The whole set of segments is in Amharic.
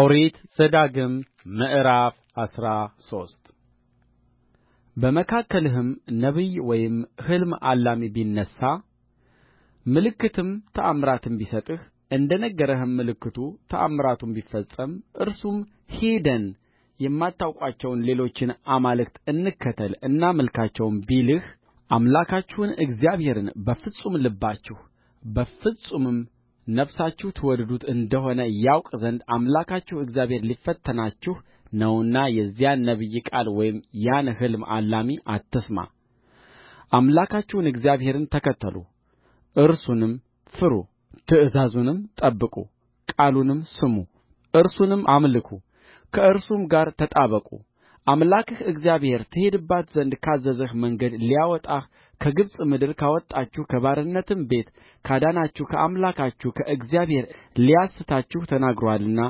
ኦሪት ዘዳግም ምዕራፍ አስራ ሶስት በመካከልህም ነቢይ ወይም ሕልም አላሚ ቢነሣ ምልክትም ተአምራትም ቢሰጥህ እንደ ነገረህም ምልክቱ ተአምራቱም ቢፈጸም እርሱም ሄደን የማታውቋቸውን ሌሎችን አማልክት እንከተል እናምልካቸውም ቢልህ አምላካችሁን እግዚአብሔርን በፍጹም ልባችሁ በፍጹምም ነፍሳችሁ ትወድዱት እንደ ሆነ ያውቅ ዘንድ አምላካችሁ እግዚአብሔር ሊፈትናችሁ ነውና የዚያን ነቢይ ቃል ወይም ያን ሕልም አላሚ አትስማ አምላካችሁን እግዚአብሔርን ተከተሉ እርሱንም ፍሩ ትእዛዙንም ጠብቁ ቃሉንም ስሙ እርሱንም አምልኩ ከእርሱም ጋር ተጣበቁ አምላክህ እግዚአብሔር ትሄድባት ዘንድ ካዘዘህ መንገድ ሊያወጣህ ከግብፅ ምድር ካወጣችሁ ከባርነትም ቤት ካዳናችሁ ከአምላካችሁ ከእግዚአብሔር ሊያስታችሁ ተናግሮአልና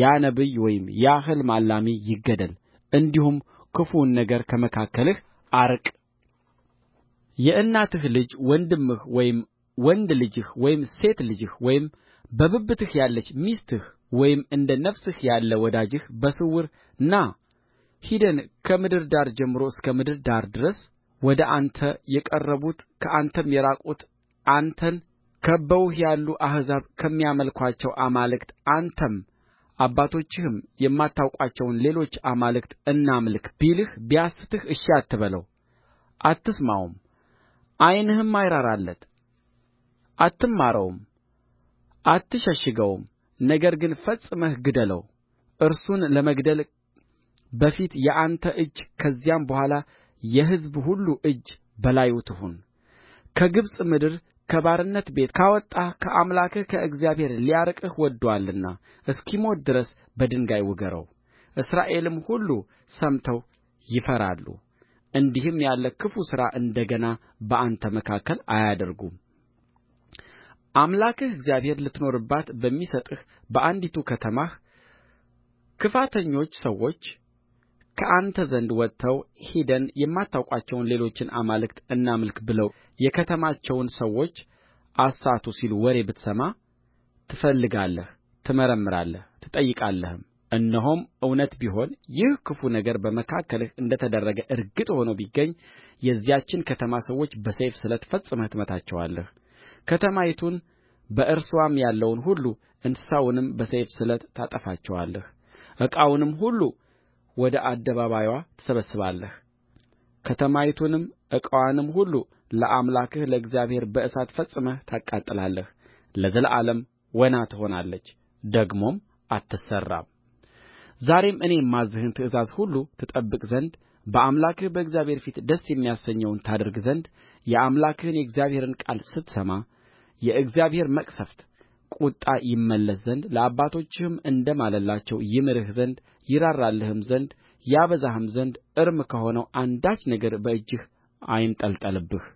ያ ነቢይ ወይም ያ ሕልም አላሚ ይገደል እንዲሁም ክፉውን ነገር ከመካከልህ አርቅ የእናትህ ልጅ ወንድምህ ወይም ወንድ ልጅህ ወይም ሴት ልጅህ ወይም በብብትህ ያለች ሚስትህ ወይም እንደ ነፍስህ ያለ ወዳጅህ በስውር ና ሂደን ከምድር ዳር ጀምሮ እስከ ምድር ዳር ድረስ ወደ አንተ የቀረቡት ከአንተም የራቁት አንተን ከብበውህ ያሉ አሕዛብ ከሚያመልኩአቸው አማልክት አንተም አባቶችህም የማታውቋቸውን ሌሎች አማልክት እናምልክ ቢልህ ቢያስትህ እሺ አትበለው፣ አትስማውም፣ ዓይንህም አይራራለት፣ አትማረውም፣ አትሸሽገውም። ነገር ግን ፈጽመህ ግደለው። እርሱን ለመግደል በፊት የአንተ እጅ ከዚያም በኋላ የሕዝብ ሁሉ እጅ በላዩ ትሁን ከግብፅ ምድር ከባርነት ቤት ካወጣህ ከአምላክህ ከእግዚአብሔር ሊያርቅህ ወድዶአልና እስኪሞት ድረስ በድንጋይ ውገረው። እስራኤልም ሁሉ ሰምተው ይፈራሉ፣ እንዲህም ያለ ክፉ ሥራ እንደ ገና በአንተ መካከል አያደርጉም። አምላክህ እግዚአብሔር ልትኖርባት በሚሰጥህ በአንዲቱ ከተማህ ክፋተኞች ሰዎች ከአንተ ዘንድ ወጥተው ሄደን የማታውቋቸውን ሌሎችን አማልክት እናምልክ ብለው የከተማቸውን ሰዎች አሳቱ ሲሉ ወሬ ብትሰማ ትፈልጋለህ ትመረምራለህ ትጠይቃለህም እነሆም እውነት ቢሆን ይህ ክፉ ነገር በመካከልህ እንደ ተደረገ እርግጥ ሆኖ ቢገኝ የዚያችን ከተማ ሰዎች በሰይፍ ስለት ፈጽመህ ትመታቸዋለህ ከተማይቱን በእርስዋም ያለውን ሁሉ እንስሳውንም በሰይፍ ስለት ታጠፋቸዋለህ ዕቃውንም ሁሉ ወደ አደባባይዋ ትሰበስባለህ ከተማይቱንም ዕቃዋንም ሁሉ ለአምላክህ ለእግዚአብሔር በእሳት ፈጽመህ ታቃጥላለህ ለዘላለም ወና ትሆናለች ደግሞም አትሠራም ዛሬም እኔ የማዝዝህን ትእዛዝ ሁሉ ትጠብቅ ዘንድ በአምላክህ በእግዚአብሔር ፊት ደስ የሚያሰኘውን ታደርግ ዘንድ የአምላክህን የእግዚአብሔርን ቃል ስትሰማ የእግዚአብሔር መቅሠፍት ቍጣ ይመለስ ዘንድ ለአባቶችህም እንደ ማለላቸው ይምርህ ዘንድ ይራራልህም ዘንድ ያበዛህም ዘንድ እርም ከሆነው አንዳች ነገር በእጅህ አይንጠልጠልብህ